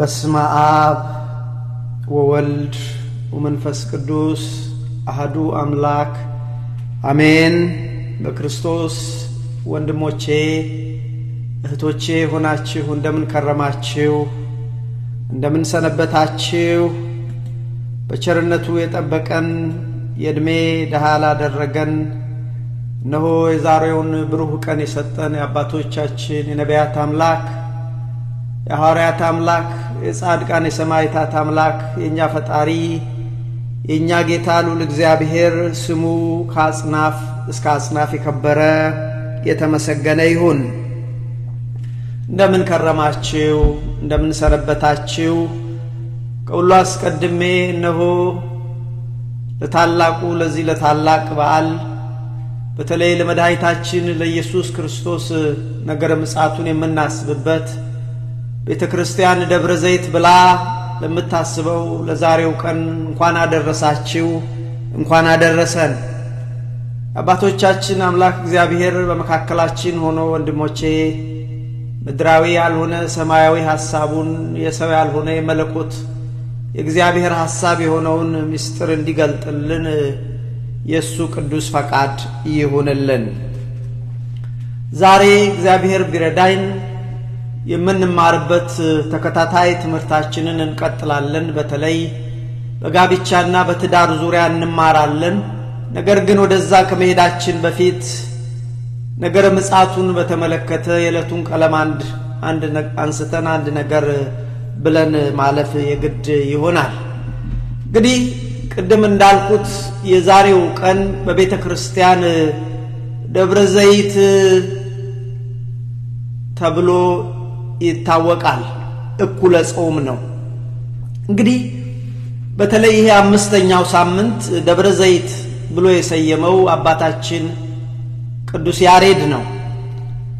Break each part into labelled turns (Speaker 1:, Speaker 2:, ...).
Speaker 1: በስመ አብ ወወልድ ወመንፈስ ቅዱስ አህዱ አምላክ አሜን። በክርስቶስ ወንድሞቼ እህቶቼ ሆናችሁ እንደምን ከረማችሁ? እንደምን ሰነበታችሁ? በቸርነቱ የጠበቀን የእድሜ ድሃ ላደረገን እነሆ የዛሬውን ብሩህ ቀን የሰጠን የአባቶቻችን የነቢያት አምላክ የሐዋርያት አምላክ የጻድቃን የሰማዕታት አምላክ የእኛ ፈጣሪ የእኛ ጌታ ልዑል እግዚአብሔር ስሙ ከአጽናፍ እስከ አጽናፍ የከበረ የተመሰገነ ይሁን። እንደምን ከረማችሁ? እንደምን ሰነበታችሁ? ከሁሉ አስቀድሜ እነሆ ለታላቁ ለዚህ ለታላቅ በዓል በተለይ ለመድኃኒታችን ለኢየሱስ ክርስቶስ ነገረ ምጻቱን የምናስብበት ቤተ ክርስቲያን ደብረ ዘይት ብላ ለምታስበው ለዛሬው ቀን እንኳን አደረሳችሁ፣ እንኳን አደረሰን። አባቶቻችን አምላክ እግዚአብሔር በመካከላችን ሆኖ ወንድሞቼ ምድራዊ ያልሆነ ሰማያዊ ሐሳቡን የሰው ያልሆነ የመለኮት የእግዚአብሔር ሐሳብ የሆነውን ምስጢር እንዲገልጥልን የእሱ ቅዱስ ፈቃድ ይሆንልን ዛሬ እግዚአብሔር ቢረዳይን የምንማርበት ተከታታይ ትምህርታችንን እንቀጥላለን። በተለይ በጋብቻና በትዳር ዙሪያ እንማራለን። ነገር ግን ወደዛ ከመሄዳችን በፊት ነገረ ምጻቱን በተመለከተ የዕለቱን ቀለም አንድ አንድ አንስተን አንድ ነገር ብለን ማለፍ የግድ ይሆናል። እንግዲህ ቅድም እንዳልኩት የዛሬው ቀን በቤተ ክርስቲያን ደብረ ዘይት ተብሎ ይታወቃል። እኩለ ጾም ነው። እንግዲህ በተለይ ይሄ አምስተኛው ሳምንት ደብረ ዘይት ብሎ የሰየመው አባታችን ቅዱስ ያሬድ ነው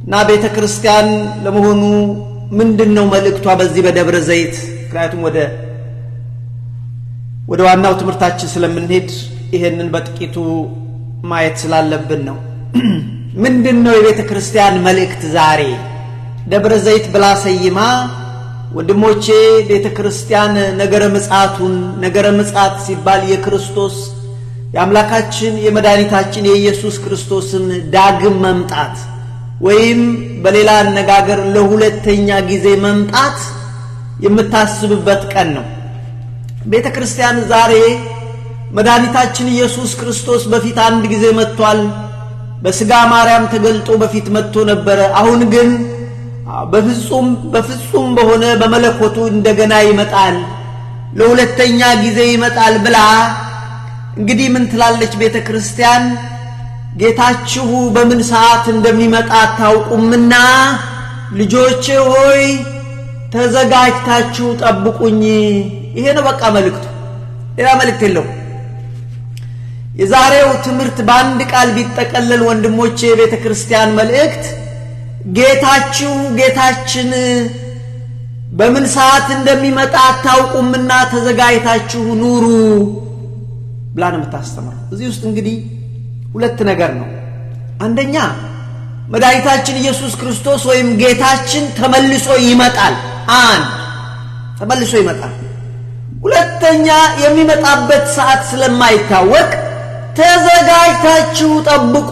Speaker 1: እና ቤተ ክርስቲያን ለመሆኑ ምንድን ነው መልእክቷ በዚህ በደብረ ዘይት? ምክንያቱም ወደ ወደ ዋናው ትምህርታችን ስለምንሄድ ይሄንን በጥቂቱ ማየት ስላለብን ነው። ምንድን ነው የቤተ ክርስቲያን መልእክት ዛሬ ደብረ ዘይት ብላ ሰይማ ወንድሞቼ ቤተ ክርስቲያን ነገረ ምጽአቱን ነገረ ምጽአት ሲባል የክርስቶስ የአምላካችን የመድኃኒታችን የኢየሱስ ክርስቶስን ዳግም መምጣት ወይም በሌላ አነጋገር ለሁለተኛ ጊዜ መምጣት የምታስብበት ቀን ነው ቤተ ክርስቲያን ዛሬ መድኃኒታችን ኢየሱስ ክርስቶስ በፊት አንድ ጊዜ መጥቷል በስጋ ማርያም ተገልጦ በፊት መጥቶ ነበረ አሁን ግን በፍጹም በፍጹም በሆነ በመለኮቱ እንደገና ይመጣል፣ ለሁለተኛ ጊዜ ይመጣል ብላ እንግዲህ ምን ትላለች ቤተ ክርስቲያን? ጌታችሁ በምን ሰዓት እንደሚመጣ አታውቁምና ልጆች ሆይ ተዘጋጅታችሁ ጠብቁኝ። ይሄ ነው በቃ መልእክቱ፣ ሌላ መልእክት የለው። የዛሬው ትምህርት በአንድ ቃል ቢጠቀለል ወንድሞቼ፣ የቤተ ክርስቲያን መልእክት ጌታችሁ ጌታችን በምን ሰዓት እንደሚመጣ አታውቁምና ተዘጋጅታችሁ ኑሩ ብላ ነው የምታስተምረው። እዚህ ውስጥ እንግዲህ ሁለት ነገር ነው። አንደኛ መድኃኒታችን ኢየሱስ ክርስቶስ ወይም ጌታችን ተመልሶ ይመጣል። አንድ ተመልሶ ይመጣል። ሁለተኛ የሚመጣበት ሰዓት ስለማይታወቅ ተዘጋጅታችሁ ጠብቁ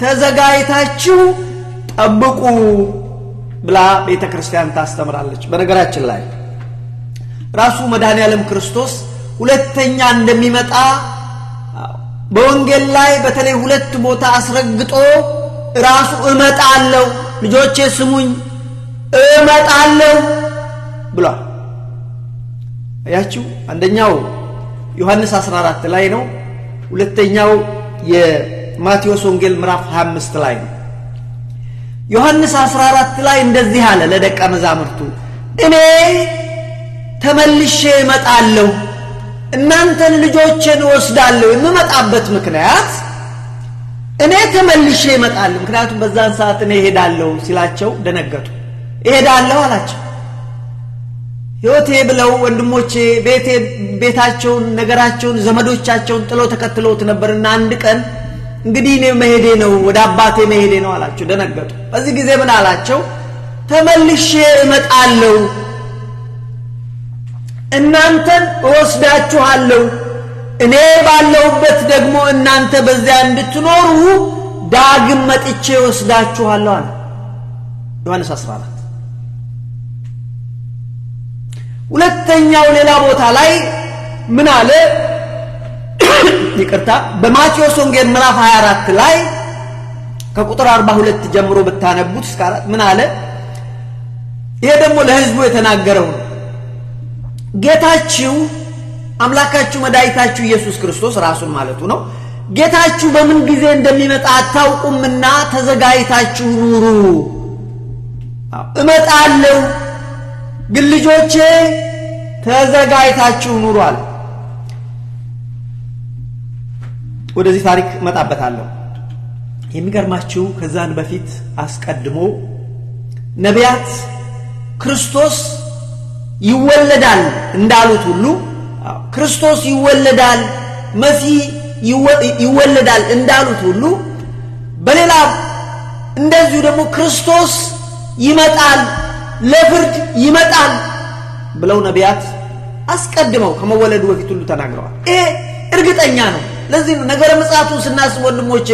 Speaker 1: ተዘጋጅታችሁ ጠብቁ ብላ ቤተ ክርስቲያን ታስተምራለች። በነገራችን ላይ ራሱ መድኃኔ ዓለም ክርስቶስ ሁለተኛ እንደሚመጣ በወንጌል ላይ በተለይ ሁለት ቦታ አስረግጦ ራሱ እመጣለሁ፣ ልጆቼ ስሙኝ፣ እመጣለሁ ብሏል። አያችሁ፣ አንደኛው ዮሐንስ 14 ላይ ነው። ሁለተኛው ማቴዎስ ወንጌል ምዕራፍ 25 ላይ ነው። ዮሐንስ 14 ላይ እንደዚህ አለ ለደቀ መዛሙርቱ እኔ ተመልሼ እመጣለሁ፣ እናንተን ልጆቼን እወስዳለሁ። የምመጣበት ምክንያት እኔ ተመልሼ እመጣለሁ፣ ምክንያቱም በዛን ሰዓት እኔ እሄዳለሁ ሲላቸው ደነገጡ። እሄዳለሁ አላቸው። ሕይወቴ ብለው ወንድሞቼ ቤቴ ቤታቸውን፣ ነገራቸውን፣ ዘመዶቻቸውን ጥለው ተከትለውት ነበርና አንድ ቀን እንግዲህ እኔ መሄዴ ነው ወደ አባቴ መሄዴ ነው አላቸው። ደነገጡ። በዚህ ጊዜ ምን አላቸው? ተመልሼ እመጣለሁ፣ እናንተን እወስዳችኋለሁ፣ እኔ ባለሁበት ደግሞ እናንተ በዚያ እንድትኖሩ ዳግም መጥቼ እወስዳችኋለሁ አለ ዮሐንስ 14 ሁለተኛው ሌላ ቦታ ላይ ምን አለ? ይቅርታ በማቴዎስ ወንጌል ምዕራፍ 24 ላይ ከቁጥር 42 ጀምሮ ብታነቡት እስከ አራት ምን አለ? ይሄ ደግሞ ለህዝቡ የተናገረው ነው። ጌታችሁ አምላካችሁ መድኃኒታችሁ ኢየሱስ ክርስቶስ ራሱን ማለቱ ነው። ጌታችሁ በምን ጊዜ እንደሚመጣ አታውቁምና ተዘጋጅታችሁ ኑሩ። እመጣለሁ ግን ልጆቼ ተዘጋጅታችሁ ኑሩ አለ። ወደዚህ ታሪክ መጣበታለሁ የሚገርማችሁ ከዛን በፊት አስቀድሞ ነቢያት ክርስቶስ ይወለዳል እንዳሉት ሁሉ ክርስቶስ ይወለዳል መሲ ይወለዳል እንዳሉት ሁሉ በሌላ እንደዚሁ ደግሞ ክርስቶስ ይመጣል ለፍርድ ይመጣል ብለው ነቢያት አስቀድመው ከመወለዱ በፊት ሁሉ ተናግረዋል ይሄ እርግጠኛ ነው ለዚህ ነው ነገረ ምጽአቱን ስናስብ ወንድሞቼ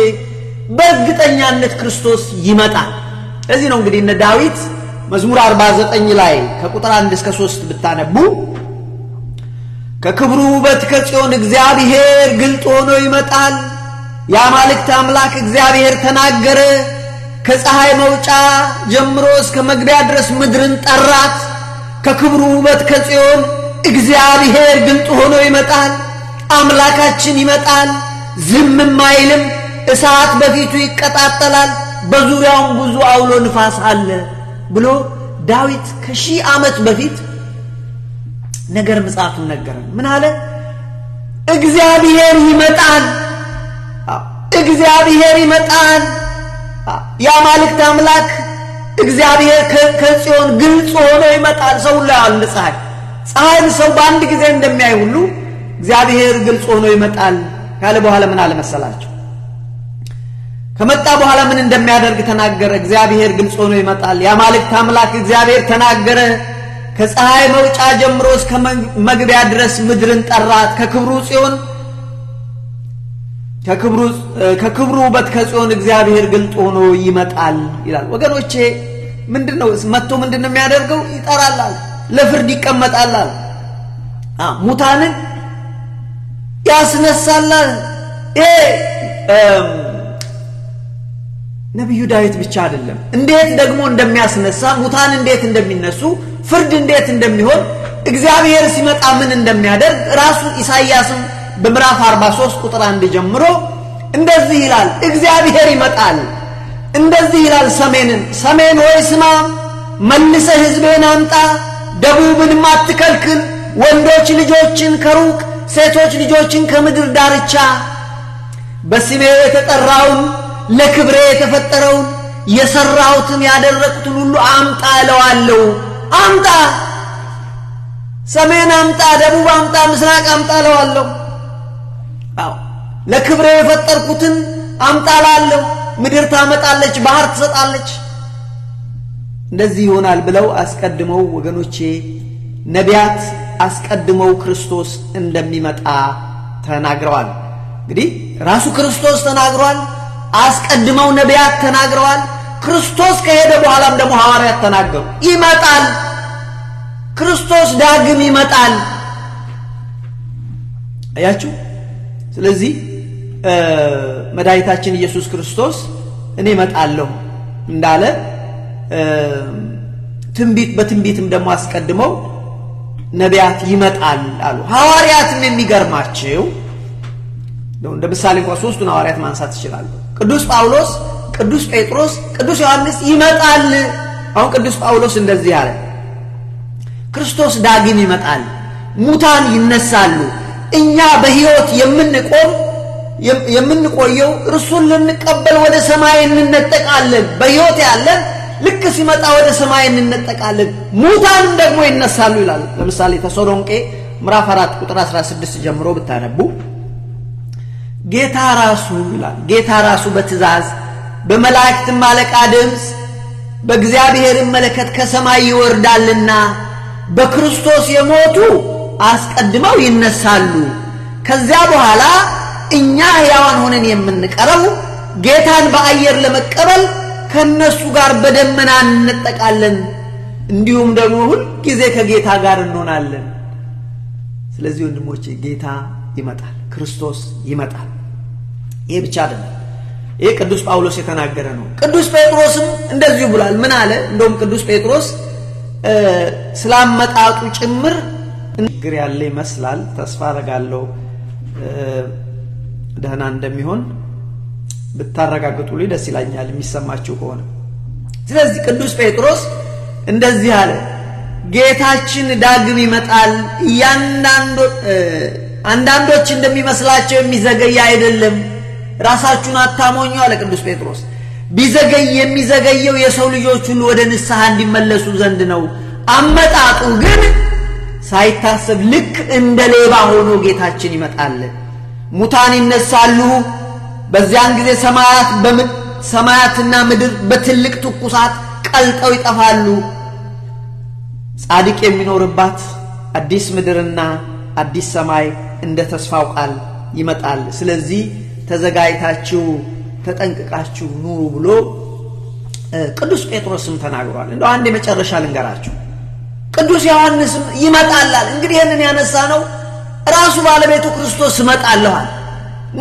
Speaker 1: በእርግጠኛነት ክርስቶስ ይመጣል። ለዚህ ነው እንግዲህ እነ ዳዊት መዝሙር 49 ላይ ከቁጥር 1 እስከ 3 ብታነቡ ከክብሩ ውበት ከጽዮን እግዚአብሔር ግልጥ ሆኖ ይመጣል። የአማልክት አምላክ እግዚአብሔር ተናገረ። ከፀሐይ መውጫ ጀምሮ እስከ መግቢያ ድረስ ምድርን ጠራት። ከክብሩ ውበት ከጽዮን እግዚአብሔር ግልጥ ሆኖ ይመጣል። አምላካችን ይመጣል፣ ዝምም አይልም። እሳት በፊቱ ይቀጣጠላል፣ በዙሪያውም ብዙ አውሎ ንፋስ አለ ብሎ ዳዊት ከሺህ ዓመት በፊት ነገር ምጽአቱን ነገረን። ምን አለ? እግዚአብሔር ይመጣል፣ እግዚአብሔር ይመጣል። የአማልክት አምላክ እግዚአብሔር ከጽዮን ግልጽ ሆኖ ይመጣል። ሰው ላይ አለ ፀሐይ። ፀሐይን ሰው በአንድ ጊዜ እንደሚያይ ሁሉ እግዚአብሔር ግልጽ ሆኖ ይመጣል ካለ በኋላ ምን አለመሰላቸው? ከመጣ በኋላ ምን እንደሚያደርግ ተናገረ። እግዚአብሔር ግልጽ ሆኖ ይመጣል። የአማልክት አምላክ እግዚአብሔር ተናገረ። ከፀሐይ መውጫ ጀምሮ እስከ መግቢያ ድረስ ምድርን ጠራት። ከክብሩ ጽዮን ከክብሩ ውበት ከጽዮን እግዚአብሔር ግልጥ ሆኖ ይመጣል ይላል። ወገኖቼ ምንድን ነው መጥቶ ምንድን ነው የሚያደርገው? ይጠራላል፣ ለፍርድ ይቀመጣላል ሙታንን ያስነሳላል። ነቢዩ ዳዊት ብቻ አይደለም። እንዴት ደግሞ እንደሚያስነሳ ሙታን እንዴት እንደሚነሱ ፍርድ እንዴት እንደሚሆን እግዚአብሔር ሲመጣ ምን እንደሚያደርግ ራሱ ኢሳይያስም በምዕራፍ 43 ቁጥር 1 ጀምሮ እንደዚህ ይላል፣ እግዚአብሔር ይመጣል። እንደዚህ ይላል ሰሜንን፣ ሰሜን ሆይ ስማ፣ መልሰህ ሕዝብህን አምጣ፣ ደቡብንም አትከልክል፣ ወንዶች ልጆችን ከሩቅ ሴቶች ልጆችን ከምድር ዳርቻ በስሜ የተጠራውን ለክብሬ የተፈጠረውን የሰራሁትን ያደረግኩትን ሁሉ አምጣ እለዋለሁ። አምጣ፣ ሰሜን አምጣ፣ ደቡብ አምጣ፣ ምስራቅ አምጣ እለዋለሁ። አዎ ለክብሬ የፈጠርኩትን አምጣ እላለሁ። ምድር ታመጣለች፣ ባህር ትሰጣለች። እንደዚህ ይሆናል ብለው አስቀድመው ወገኖቼ ነቢያት አስቀድመው ክርስቶስ እንደሚመጣ ተናግረዋል። እንግዲህ ራሱ ክርስቶስ ተናግሯል። አስቀድመው ነቢያት ተናግረዋል። ክርስቶስ ከሄደ በኋላም ደግሞ ሐዋርያት ተናገሩ። ይመጣል፣ ክርስቶስ ዳግም ይመጣል። አያችሁ። ስለዚህ መድኃኒታችን ኢየሱስ ክርስቶስ እኔ እመጣለሁ እንዳለ ትንቢት በትንቢትም ደግሞ አስቀድመው ነቢያት ይመጣል አሉ። ሐዋርያትም የሚገርማችው እንደ ምሳሌ እንኳ ሶስቱን ሐዋርያት ማንሳት ይችላሉ። ቅዱስ ጳውሎስ፣ ቅዱስ ጴጥሮስ፣ ቅዱስ ዮሐንስ ይመጣል። አሁን ቅዱስ ጳውሎስ እንደዚህ አለ፣ ክርስቶስ ዳግም ይመጣል፣ ሙታን ይነሳሉ፣ እኛ በሕይወት የምንቆም የምንቆየው እርሱን ልንቀበል ወደ ሰማይ እንነጠቃለን። በሕይወት ያለን ልክ ሲመጣ ወደ ሰማይ እንነጠቃለን፣ ሙታን ደግሞ ይነሳሉ ይላል። ለምሳሌ ተሰሎንቄ ምራፍ 4 ቁጥር 16 ጀምሮ ብታነቡ ጌታ ራሱ ይላል። ጌታ ራሱ በትእዛዝ በመላእክት ማለቃ ድምፅ በእግዚአብሔር መለከት ከሰማይ ይወርዳልና በክርስቶስ የሞቱ አስቀድመው ይነሳሉ። ከዚያ በኋላ እኛ ሕያዋን ሆነን የምንቀረው ጌታን በአየር ለመቀበል ከነሱ ጋር በደመና እንጠቃለን እንዲሁም ደግሞ ጊዜ ከጌታ ጋር እንሆናለን። ስለዚህ ወንድሞቼ ጌታ ይመጣል፣ ክርስቶስ ይመጣል። ይሄ ብቻ አይደለም። ይህ ቅዱስ ጳውሎስ የተናገረ ነው። ቅዱስ ጴጥሮስም እንደዚሁ ብሏል። ምን አለ? እንደውም ቅዱስ ጴጥሮስ ስላመጣጡ ጭምር ችግር ያለ ይመስላል። ተስፋ አደርጋለሁ ደህና እንደሚሆን ብታረጋግጡልኝ ደስ ይላኛል የሚሰማችሁ ከሆነ። ስለዚህ ቅዱስ ጴጥሮስ እንደዚህ አለ፣ ጌታችን ዳግም ይመጣል። አንዳንዶች እንደሚመስላቸው የሚዘገይ አይደለም። ራሳችሁን አታሞኙ አለ ቅዱስ ጴጥሮስ። ቢዘገይ የሚዘገየው የሰው ልጆች ሁሉ ወደ ንስሐ እንዲመለሱ ዘንድ ነው። አመጣጡ ግን ሳይታሰብ ልክ እንደ ሌባ ሆኖ ጌታችን ይመጣል። ሙታን ይነሳሉ በዚያን ጊዜ ሰማያት ሰማያትና ምድር በትልቅ ትኩሳት ቀልጠው ይጠፋሉ። ጻድቅ የሚኖርባት አዲስ ምድርና አዲስ ሰማይ እንደ ተስፋው ቃል ይመጣል። ስለዚህ ተዘጋጅታችሁ ተጠንቅቃችሁ ኑሩ ብሎ ቅዱስ ጴጥሮስም ተናግሯል። እንደው አንድ የመጨረሻ ልንገራችሁ። ቅዱስ ዮሐንስም ይመጣላል። እንግዲህ ይህንን ያነሳ ነው ራሱ ባለቤቱ ክርስቶስ እመጣለኋል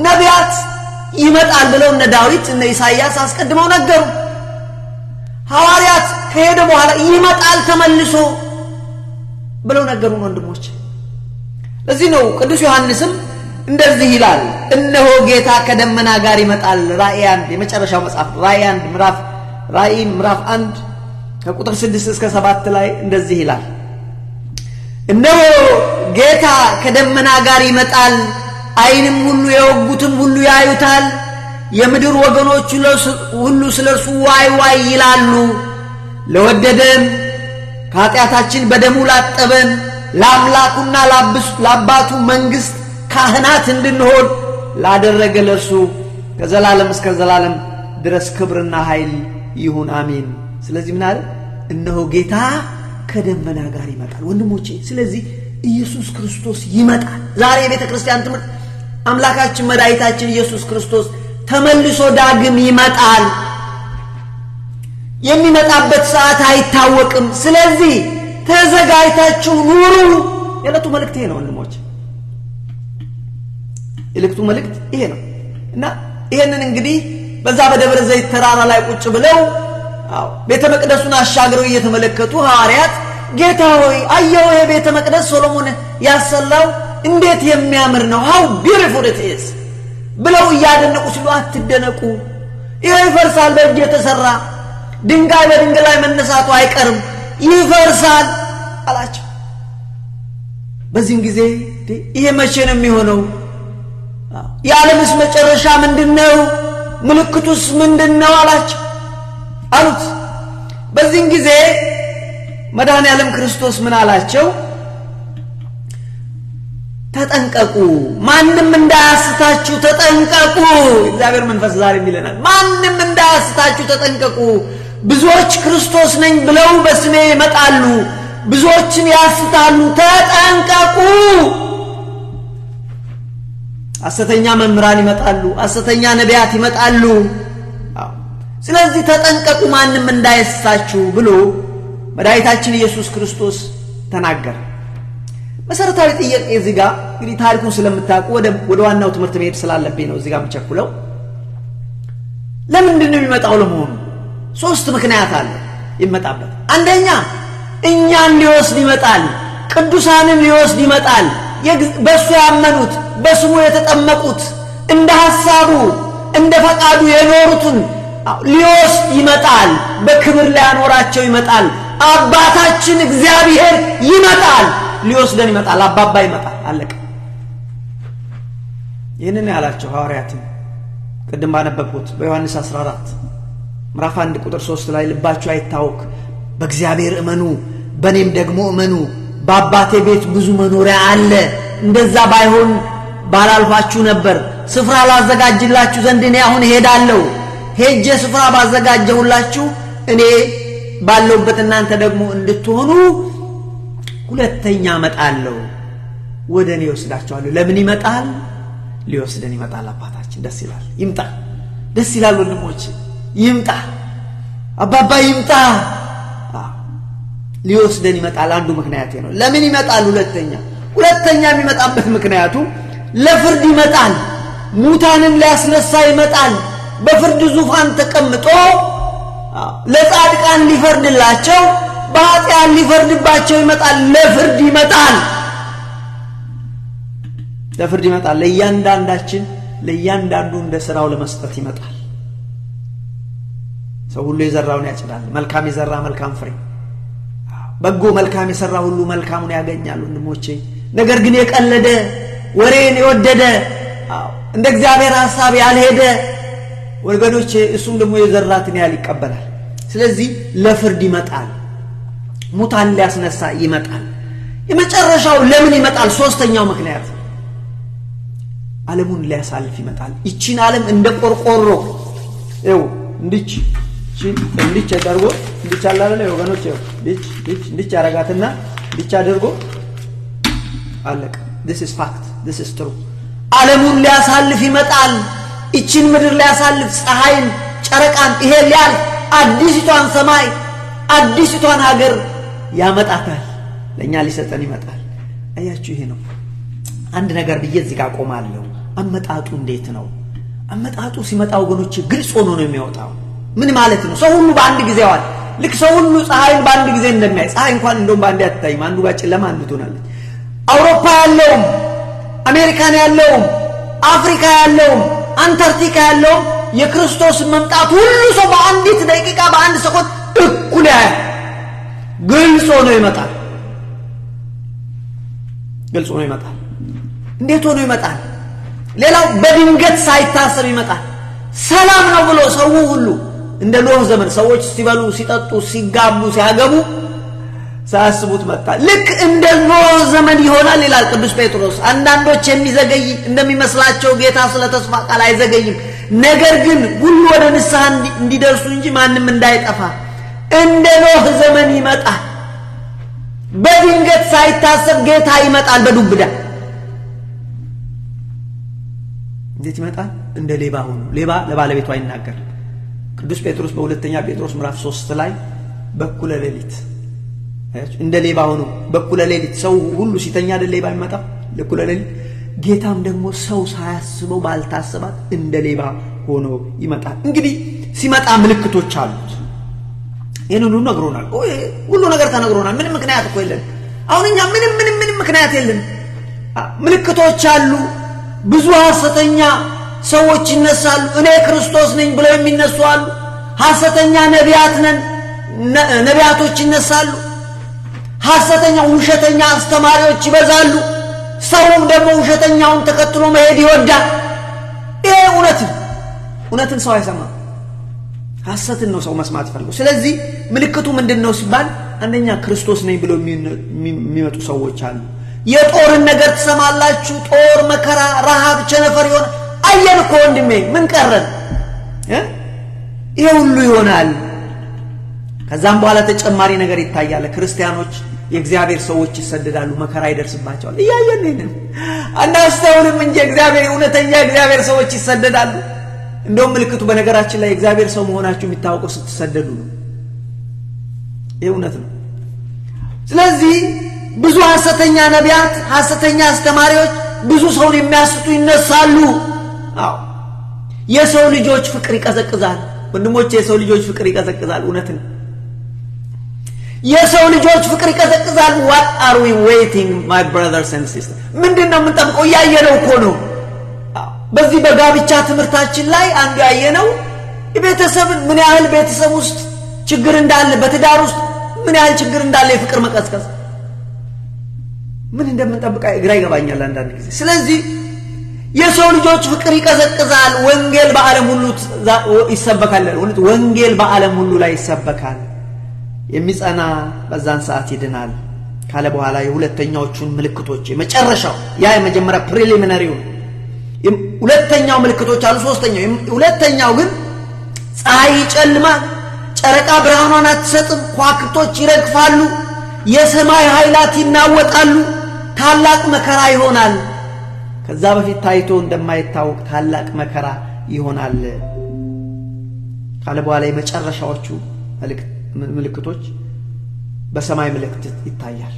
Speaker 1: ነቢያት ይመጣል ብለው እነ ዳዊት እነ ኢሳይያስ አስቀድመው ነገሩ። ሐዋርያት ከሄደ በኋላ ይመጣል ተመልሶ ብለው ነገሩ ወንድሞች። ለዚህ ነው ቅዱስ ዮሐንስም እንደዚህ ይላል፣ እነሆ ጌታ ከደመና ጋር ይመጣል። ራእይ አንድ የመጨረሻው መጽሐፍ ራእይ አንድ ምዕራፍ ራእይ ምዕራፍ አንድ ከቁጥር ስድስት እስከ ሰባት ላይ እንደዚህ ይላል፣ እነሆ ጌታ ከደመና ጋር ይመጣል አይንም ሁሉ የወጉትም ሁሉ ያዩታል። የምድር ወገኖች ሁሉ ስለ እርሱ ዋይ ዋይ ይላሉ። ለወደደን ከኃጢአታችን በደሙ ላጠበን ለአምላኩና ለአባቱ መንግሥት ካህናት እንድንሆን ላደረገ ለእርሱ ከዘላለም እስከ ዘላለም ድረስ ክብርና ኃይል ይሁን አሜን። ስለዚህ ምን አለ? እነሆ ጌታ ከደመና ጋር ይመጣል። ወንድሞቼ፣ ስለዚህ ኢየሱስ ክርስቶስ ይመጣል። ዛሬ የቤተ ክርስቲያን ትምህርት አምላካችን መድኃኒታችን ኢየሱስ ክርስቶስ ተመልሶ ዳግም ይመጣል። የሚመጣበት ሰዓት አይታወቅም። ስለዚህ ተዘጋጅታችሁ ኑሩ። የዕለቱ መልእክት ይሄ ነው ወንድሞች፣ የዕለቱ መልእክት ይሄ ነው እና ይሄንን እንግዲህ በዛ በደብረ ዘይት ተራራ ላይ ቁጭ ብለው ቤተ መቅደሱን አሻግረው እየተመለከቱ ሐዋርያት ጌታ ሆይ አየሁ፣ ይሄ ቤተ መቅደስ ሶሎሞን ያሰላው እንዴት የሚያምር ነው ሀው ቢዩቲፉል ኢት ኢዝ ብለው እያደነቁ ሲሉ አትደነቁ። ይሄ ይፈርሳል፣ በእጅ የተሰራ ድንጋይ በድንጋይ ላይ መነሳቱ አይቀርም ይፈርሳል አላቸው። በዚህም ጊዜ ይሄ መቼ ነው የሚሆነው? የዓለምስ መጨረሻ ምንድን ነው? ምልክቱስ ምንድን ነው አላቸው አሉት። በዚህም ጊዜ መድኃኔ ዓለም ክርስቶስ ምን አላቸው? ተጠንቀቁ፣ ማንም እንዳያስታችሁ ተጠንቀቁ። እግዚአብሔር መንፈስ ዛሬም ይለናል፣ ማንም እንዳያስታችሁ ተጠንቀቁ። ብዙዎች ክርስቶስ ነኝ ብለው በስሜ ይመጣሉ፣ ብዙዎችን ያስታሉ፣ ተጠንቀቁ። ሐሰተኛ መምህራን ይመጣሉ፣ ሐሰተኛ ነቢያት ይመጣሉ። ስለዚህ ተጠንቀቁ፣ ማንም እንዳያስታችሁ ብሎ መድኃኒታችን ኢየሱስ ክርስቶስ ተናገረ። መሰረታዊ ጥያቄ እዚህ ጋር እንግዲህ ታሪኩን ስለምታውቁ ወደ ዋናው ትምህርት መሄድ ስላለብኝ ነው እዚህ ጋር የምቸኩለው ለምንድን ነው የሚመጣው ለመሆኑ ሶስት ምክንያት አለ ይመጣበት አንደኛ እኛን ሊወስድ ይመጣል ቅዱሳንን ሊወስድ ይመጣል በእሱ ያመኑት በስሙ የተጠመቁት እንደ ሐሳቡ እንደ ፈቃዱ የኖሩትን ሊወስድ ይመጣል በክብር ሊያኖራቸው ይመጣል አባታችን እግዚአብሔር ይመጣል ሊወስደን ይመጣል አባባ ይመጣል አለቀ ይህንን ያላቸው ሐዋርያትም ቅድም ባነበብኩት በዮሐንስ 14 ምራፍ 1 ቁጥር 3 ላይ ልባችሁ አይታወክ በእግዚአብሔር እመኑ በእኔም ደግሞ እመኑ በአባቴ ቤት ብዙ መኖሪያ አለ እንደዛ ባይሆን ባላልፋችሁ ነበር ስፍራ ላዘጋጅላችሁ ዘንድ እኔ አሁን ሄዳለሁ ሄጄ ስፍራ ባዘጋጀሁላችሁ እኔ ባለውበት እናንተ ደግሞ እንድትሆኑ ሁለተኛ መጣለው ወደ እኔ ይወስዳቸዋለሁ ለምን ይመጣል ሊወስደን ይመጣል አባታችን ደስ ይላል ይምጣ ደስ ይላል ወንድሞች ይምጣ አባባ ይምጣ ሊወስደን ይመጣል አንዱ ምክንያቴ ነው ለምን ይመጣል ሁለተኛ ሁለተኛ የሚመጣበት ምክንያቱ ለፍርድ ይመጣል ሙታንን ሊያስነሳ ይመጣል በፍርድ ዙፋን ተቀምጦ ለጻድቃን ሊፈርድላቸው በኃጢአት ሊፈርድባቸው ይመጣል ለፍርድ ይመጣል ለፍርድ ይመጣል ለእያንዳንዳችን ለእያንዳንዱ እንደ ስራው ለመስጠት ይመጣል ሰው ሁሉ የዘራውን ያጭዳል መልካም የዘራ መልካም ፍሬ በጎ መልካም የሰራ ሁሉ መልካሙን ያገኛል ወንድሞቼ ነገር ግን የቀለደ ወሬን የወደደ እንደ እግዚአብሔር ሀሳብ ያልሄደ ወገኖቼ እሱም ደግሞ የዘራትን ያህል ይቀበላል ስለዚህ ለፍርድ ይመጣል ሙታን ሊያስነሳ ይመጣል። የመጨረሻው ለምን ይመጣል? ሶስተኛው ምክንያት አለሙን ሊያሳልፍ ይመጣል። ይቺን አለም እንደ ቆርቆሮ ው እንድች እንድች አድርጎ እንድች አላለለ ወገኖች ው እንድች እንድች እንድች ያረጋትና እንድች አድርጎ አለቀ። ስ is fact this is true ዓለሙን ሊያሳልፍ ይመጣል። ይቺን ምድር ሊያሳልፍ ፀሐይን፣ ጨረቃን ይሄ ሊያል አዲስቷን ሰማይ አዲስቷን ሀገር ያመጣታል፣ ለእኛ ሊሰጠን ይመጣል። አያችሁ፣ ይሄ ነው አንድ ነገር ብዬ እዚህ ጋር ቆማለሁ። አመጣጡ እንዴት ነው? አመጣጡ ሲመጣ ወገኖች ግልጽ ሆኖ ነው የሚያወጣው። ምን ማለት ነው? ሰው ሁሉ በአንድ ጊዜ ዋል። ልክ ሰው ሁሉ ፀሐይን በአንድ ጊዜ እንደሚያይ ፀሐይ እንኳን እንደውም በአንድ አትታይም። አንዱ ጋር ጨለማ አንዱ ትሆናለች። አውሮፓ ያለውም አሜሪካን ያለውም አፍሪካ ያለውም አንታርክቲካ ያለውም የክርስቶስ መምጣት ሁሉ ሰው በአንዲት ደቂቃ በአንድ ሰኮንድ እኩል ያያል። ግልጽ ሆኖ ይመጣል ግልጽ ሆኖ ይመጣል እንዴት ሆኖ ይመጣል ሌላው በድንገት ሳይታሰብ ይመጣል ሰላም ነው ብሎ ሰው ሁሉ እንደ ኖህ ዘመን ሰዎች ሲበሉ ሲጠጡ ሲጋቡ ሲያገቡ ሳያስቡት መጣ ልክ እንደ ኖህ ዘመን ይሆናል ይላል ቅዱስ ጴጥሮስ አንዳንዶች የሚዘገይ እንደሚመስላቸው ጌታ ስለ ተስፋ ቃል አይዘገይም ነገር ግን ሁሉ ወደ ንስሐ እንዲደርሱ እንጂ ማንም እንዳይጠፋ እንደ ኖህ ዘመን ይመጣል። በድንገት ሳይታሰብ ጌታ ይመጣል። በዱብዳ እንዴት ይመጣል? እንደ ሌባ ሆኖ። ሌባ ለባለቤቱ አይናገርም። ቅዱስ ጴጥሮስ በሁለተኛ ጴጥሮስ ምዕራፍ ሶስት ላይ በኩለ ሌሊት እንደ ሌባ ሆኖ በኩለ ሌሊት ሰው ሁሉ ሲተኛ አይደል ሌባ ይመጣ ለኩለ ሌሊት ጌታም ደግሞ ሰው ሳያስበው ባልታሰባት እንደ ሌባ ሆኖ ይመጣል። እንግዲህ ሲመጣ ምልክቶች አሉት። ሁሉ ነግሮናል። ሁሉ ነገር ተነግሮናል። ምንም ምክንያት እኮ የለን። አሁን እኛ ምንም ምንም ምንም ምክንያት የለን። ምልክቶች አሉ። ብዙ ሐሰተኛ ሰዎች ይነሳሉ። እኔ ክርስቶስ ነኝ ብለው የሚነሱ አሉ። ሐሰተኛ ነቢያት ነን ነቢያቶች ይነሳሉ። ሐሰተኛ ውሸተኛ አስተማሪዎች ይበዛሉ። ሰውም ደግሞ ውሸተኛውን ተከትሎ መሄድ ይወዳል። ይሄ እውነት እውነትን ሰው አይሰማም። ሐሰትን ነው ሰው መስማት ፈልገው። ስለዚህ ምልክቱ ምንድን ነው ሲባል አንደኛ ክርስቶስ ነኝ ብለው የሚመጡ ሰዎች አሉ። የጦርን ነገር ትሰማላችሁ። ጦር፣ መከራ፣ ረሃብ፣ ቸነፈር ይሆን አየን እኮ ወንድሜ፣ ምን ቀረን? ይሄ ሁሉ ይሆናል። ከዛም በኋላ ተጨማሪ ነገር ይታያል። ክርስቲያኖች የእግዚአብሔር ሰዎች ይሰደዳሉ፣ መከራ ይደርስባቸዋል። እያየን ይህንን አናስተውልም እንጂ እግዚአብሔር እውነተኛ እግዚአብሔር ሰዎች ይሰደዳሉ። እንደውም ምልክቱ በነገራችን ላይ እግዚአብሔር ሰው መሆናችሁ የሚታወቀው ስትሰደዱ ነው። ይህ እውነት ነው። ስለዚህ ብዙ ሐሰተኛ ነቢያት፣ ሐሰተኛ አስተማሪዎች ብዙ ሰውን የሚያስቱ ይነሳሉ። አዎ የሰው ልጆች ፍቅር ይቀዘቅዛል። ወንድሞች የሰው ልጆች ፍቅር ይቀዘቅዛል። እውነት ነው። የሰው ልጆች ፍቅር ይቀዘቅዛል። ዋት አር ዌቲንግ ዌይቲንግ ማይ ብራዘርስ ኤንድ ሲስተር ምንድን ነው የምንጠብቀው? እያየነው እኮ ነው በዚህ በጋብቻ ትምህርታችን ላይ አንዱ ያየነው ቤተሰብን ምን ያህል ቤተሰብ ውስጥ ችግር እንዳለ፣ በትዳር ውስጥ ምን ያህል ችግር እንዳለ፣ የፍቅር መቀስቀስ ምን እንደምንጠብቃ እግራ ይገባኛል አንዳንድ ጊዜ። ስለዚህ የሰው ልጆች ፍቅር ይቀዘቅዛል። ወንጌል በዓለም ሁሉ ይሰበካል። ወንጌል በዓለም ሁሉ ላይ ይሰበካል። የሚጸና በዛን ሰዓት ይድናል ካለ በኋላ የሁለተኛዎቹን ምልክቶች የመጨረሻው ያ የመጀመሪያ ፕሪሊሚነሪውን ሁለተኛው ምልክቶች አሉ። ሶስተኛው ሁለተኛው ግን ፀሐይ ይጨልማል፣ ጨረቃ ብርሃኗን አትሰጥም፣ ኳክቶች ይረግፋሉ፣ የሰማይ ኃይላት ይናወጣሉ፣ ታላቅ መከራ ይሆናል። ከዛ በፊት ታይቶ እንደማይታወቅ ታላቅ መከራ ይሆናል ካለ በኋላ የመጨረሻዎቹ ምልክቶች በሰማይ ምልክት ይታያል።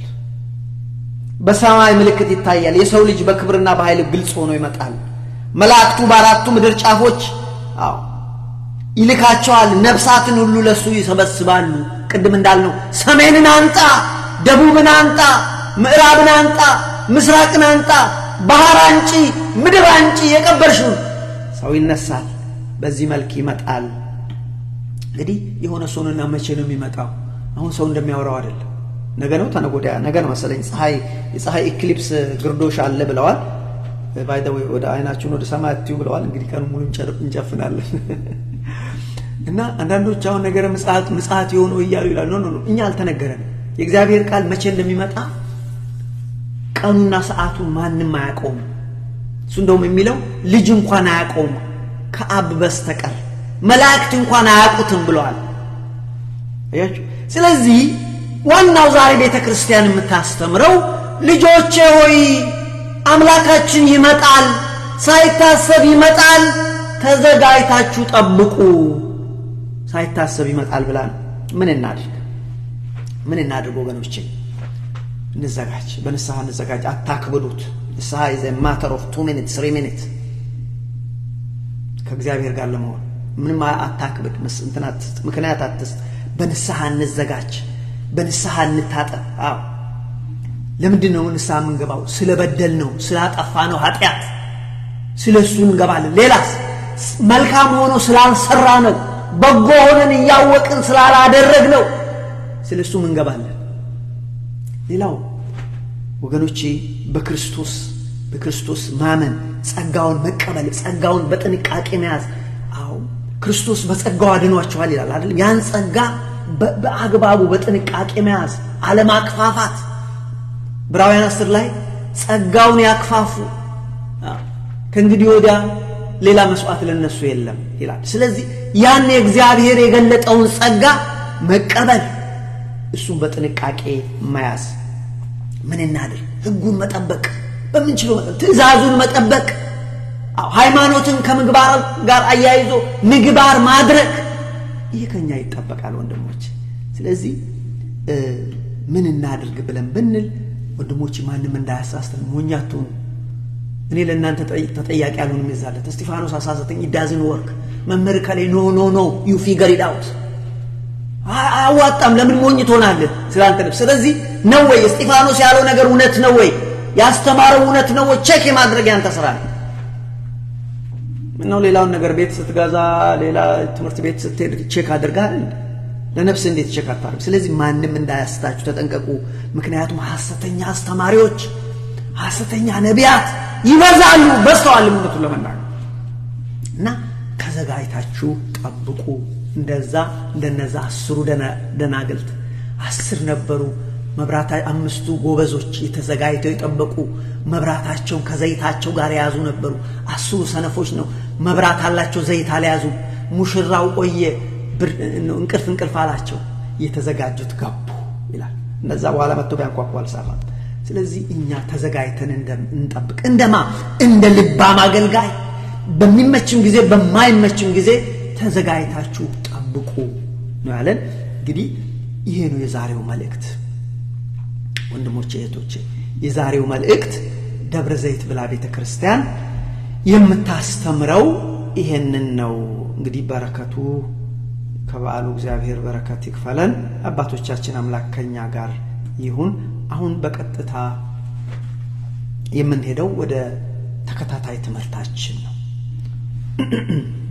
Speaker 1: በሰማይ ምልክት ይታያል። የሰው ልጅ በክብርና በኃይል ግልጽ ሆኖ ይመጣል። መላእክቱ በአራቱ ምድር ጫፎች አዎ ይልካቸዋል። ነፍሳትን ሁሉ ለሱ ይሰበስባሉ። ቅድም እንዳልነው ሰሜንን አንጣ፣ ደቡብን አንጣ፣ ምዕራብን አንጣ፣ ምስራቅን አንጣ፣ ባህር አንጪ፣ ምድር አንጪ፣ የቀበርሽው ሰው ይነሳል። በዚህ መልክ ይመጣል። እንግዲህ የሆነ ሰውንና መቼ ነው የሚመጣው? አሁን ሰው እንደሚያወራው አይደለም። ነገ ነው ተነጎዳ፣ ነገ ነው መሰለኝ። ፀሐይ የፀሐይ ኢክሊፕስ ግርዶሽ አለ ብለዋል። ባይደዌ ወደ አይናችሁን ወደ ሰማይ አትዩ ብለዋል። እንግዲህ ቀኑ ሙሉ እንጨፍናለን እና አንዳንዶች አሁን ነገረ ምጽአት ምጽአት የሆነው እያሉ ይላል ኖ ኖ እኛ አልተነገረን የእግዚአብሔር ቃል መቼ እንደሚመጣ ቀኑና ሰዓቱ ማንም አያቆሙ እሱ እንደውም የሚለው ልጅ እንኳን አያቆሙ ከአብ በስተቀር መላእክት እንኳን አያውቁትም ብለዋል። አያችሁ። ስለዚህ ዋናው ዛሬ ቤተ ክርስቲያን የምታስተምረው ልጆቼ ሆይ አምላካችን ይመጣል፣ ሳይታሰብ ይመጣል፣ ተዘጋጅታችሁ ጠብቁ። ሳይታሰብ ይመጣል ብላን ምን እናድርግ? ምን እናድርግ? ወገኖችን እንዘጋጅ፣ በንስሐ እንዘጋጅ። አታክብዱት። ንስሐ ይዘ ማተር ኦፍ ቱ ሚኒት ስሪ ሚኒት ከእግዚአብሔር ጋር ለመሆን ምንም አታክብድ፣ ምክንያት አትስጥ። በንስሐ እንዘጋጅ፣ በንስሐ እንታጠብ። አዎ ለምንድን ነው ንስሐ የምንገባው? ስለ በደል ነው፣ ስላጠፋ ነው ኃጢአት። ስለ እሱ እንገባለን። ሌላስ መልካም ሆኖ ስላልሰራ ነው፣ በጎ ሆነን እያወቅን ስላላደረግ ነው፣ ስለ እሱም እንገባለን። ሌላው ወገኖቼ በክርስቶስ በክርስቶስ ማመን ጸጋውን መቀበል፣ ጸጋውን በጥንቃቄ መያዝ። አዎ ክርስቶስ በጸጋው አድኗቸዋል ይላል አይደለም? ያን ጸጋ በአግባቡ በጥንቃቄ መያዝ፣ አለማክፋፋት ብራውያን አስር ላይ ጸጋውን ያክፋፉ ከእንግዲህ ወዲያ ሌላ መስዋዕት ለነሱ የለም ይላል። ስለዚህ ያን እግዚአብሔር የገለጠውን ጸጋ መቀበል፣ እሱን በጥንቃቄ መያዝ። ምን እናድርግ? ህጉን መጠበቅ በምንችለው መጠን ትእዛዙን መጠበቅ፣ ሃይማኖትን ከምግባር ጋር አያይዞ ምግባር ማድረግ ይህ ከኛ ይጠበቃል ወንድሞች። ስለዚህ ምን እናድርግ ብለን ብንል ወንድሞች ማንም እንዳያሳስተን ሞኛቱን እኔ ለእናንተ ተጠያቂ ያልሆንም ይዛለት እስጢፋኖስ አሳሰተኝ ዳዝን ወርክ መምህር ከላይ ኖ ኖ ኖ ዩ ፊገር ኢት አውት አያዋጣም ለምን ሞኝ ትሆናለህ ስላንተ ልብ ስለዚህ ነው ወይ እስጢፋኖስ ያለው ነገር እውነት ነው ወይ ያስተማረው እውነት ነው ወይ ቼክ የማድረግ ያንተ ስራ ነው ምነው ሌላውን ነገር ቤት ስትገዛ ሌላ ትምህርት ቤት ስትሄድ ቼክ አድርገሃል ለነፍስ እንዴት ቼክ አታደርግ? ስለዚህ ማንም እንዳያስታችሁ ተጠንቀቁ። ምክንያቱም ሐሰተኛ አስተማሪዎች፣ ሐሰተኛ ነቢያት ይበዛሉ፣ በስተዋል ምነቱ ለመናገር እና ተዘጋጅታችሁ ጠብቁ። እንደዛ እንደነዛ አስሩ ደናግልት አስር ነበሩ። መብራታ አምስቱ ጎበዞች የተዘጋጅተው የጠበቁ መብራታቸውን ከዘይታቸው ጋር የያዙ ነበሩ። አስሩ ሰነፎች ነው መብራት አላቸው፣ ዘይት አልያዙ። ሙሽራው ቆየ እንቅልፍ እንቅልፍ አላቸው የተዘጋጁት ገቡ ይላል እነዛ በኋላ መጥቶ ቢያንኳኩ አልሰራም ስለዚህ እኛ ተዘጋጅተን እንጠብቅ እንደማ እንደ ልባም አገልጋይ በሚመችም ጊዜ በማይመችም ጊዜ ተዘጋጅታችሁ ጠብቁ ነው ያለን እንግዲህ ይሄ ነው የዛሬው መልእክት ወንድሞቼ እህቶቼ የዛሬው መልእክት ደብረ ዘይት ብላ ቤተ ክርስቲያን የምታስተምረው ይሄንን ነው እንግዲህ በረከቱ ከበዓሉ እግዚአብሔር በረከት ይክፈለን። አባቶቻችን አምላክ ከኛ ጋር ይሁን። አሁን በቀጥታ የምንሄደው ወደ ተከታታይ ትምህርታችን ነው።